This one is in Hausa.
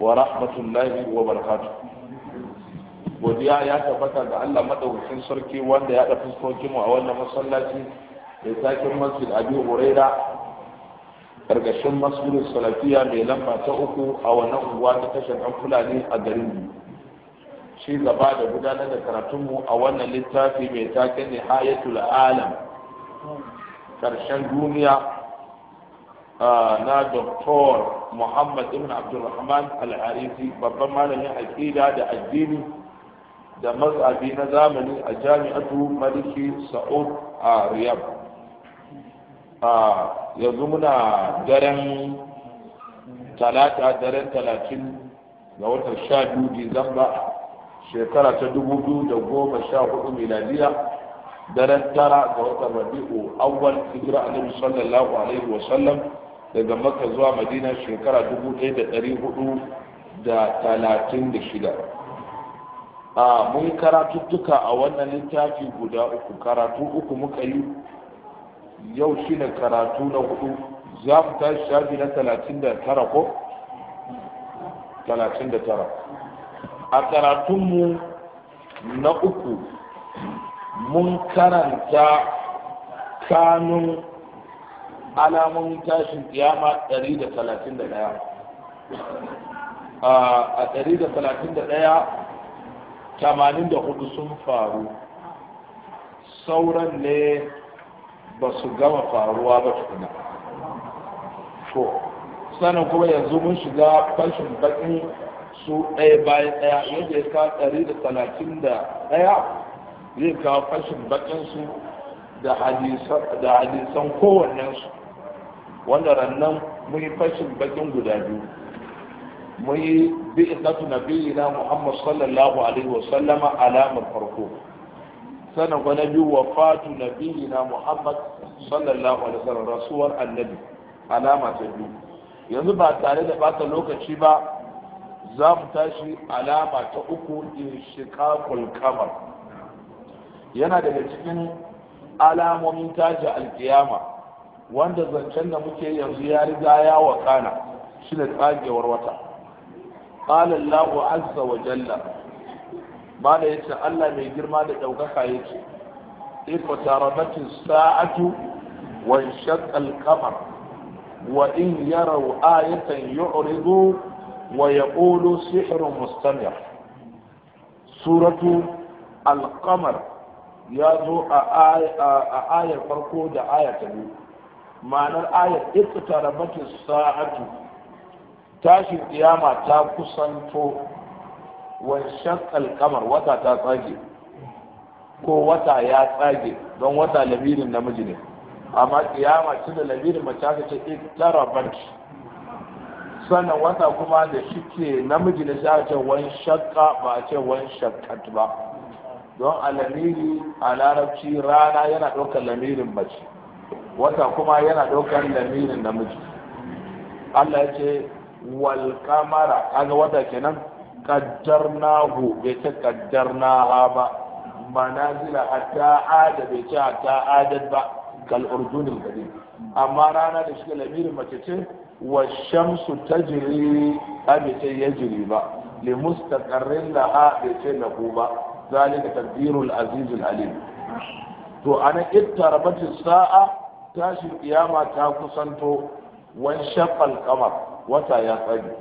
wa rahmatullahi wa barakatuh godiya ya tabbata da Allah madaukakin sarki wanda ya da fuskokin mu a wannan masallaci da sakin masjid Abi Huraira karkashin masjid salafiya mai lamba ta uku a wannan uwa ta tashar an fulani a garin shi gaba da gudanar da karatun mu a wannan littafi mai taken nihayatul alam karshen duniya na doktor muhammad ibn abdulrahman al-harisi babban malamin aqida da addini da mazhabi na zamani a jami'atu maliki sa'ud a riyab yanzu muna daren talata daren talatin ga watan sha biyu disamba shekara ta dubu biyu da goma sha hudu miladiya daren tara ga watan rabi'u awwal hijira annabi sallallahu alaihi wa sallam daga maka zuwa madina shekara 1436 a mun karatuttuka a wannan littafi guda uku karatu uku muka yi yau shi ne karatu na hudu za mu tashi shafi na 39 ko 39 a karatunmu na uku mun karanta kanun alamomin tashin kiyama 131 ah, a 131 hudu sun faru sauran ne ba su gama faruwa ba tukuna to sannan kuma yanzu mun shiga fashin bakin su ɗaya bayan ɗaya yadda ya kawo ɗari da talatin da ɗaya zai kawo fashin bakin su da hadisan kowannensu wanda rannan muyi fashin bakin guda biyu mun yi bi isatu nabiyina muhammad sallallahu alaihi wa sallama alamar farko sannan kuma na biyu wafatu nabiyina muhammad sallallahu alaihi wa sallam rasuwar annabi alama ta biyu yanzu ba tare da bata lokaci ba za mu tashi alama ta uku inshiqaqul qamar yana daga cikin alamomin tashi alkiyama wanda zancen da muke yanzu ya riga ya wakana shi ne tsagewar wata qala Allahu azza wa jalla Ba da yace Allah mai girma da ɗaukaka daukaka yace iqtarabati sa'atu wa shaqqa al-qamar wa in yaraw ayatan yu'ridu wa yaqulu sihrun mustamir suratu al-qamar ya zo a ayar farko da aya biyu ma'anar ayat tare mace sa'atu tashin kiyama ta kusanto wa shaqqal qamar wata ta tsage ko wata ya tsage don wata labirin namiji ne amma kiyama ce da labirin mace aka ce ita bat sannan wata kuma da shi ke namiji ne sai ce wan shaqqa ba a ce wan shaqqat ba don a lamiri a larabci rana yana ɗaukar lamirin mace wata kuma yana ɗaukar lamirin namiji Allah ya ce wal kamara kaga wata kenan nahu bai ce naha ba manazila hatta ada bai ce hatta adad ba kal urdunil qadim amma rana da shi lamirin mace ce wa shamsu tajri abi ce jiri ba li mustaqarrin laha bai ce lahu ba zalika tadbirul azizul alim to ana ittarabat saa tashin kiyama ta kusanto wan shaqqal qamar wata ya tsage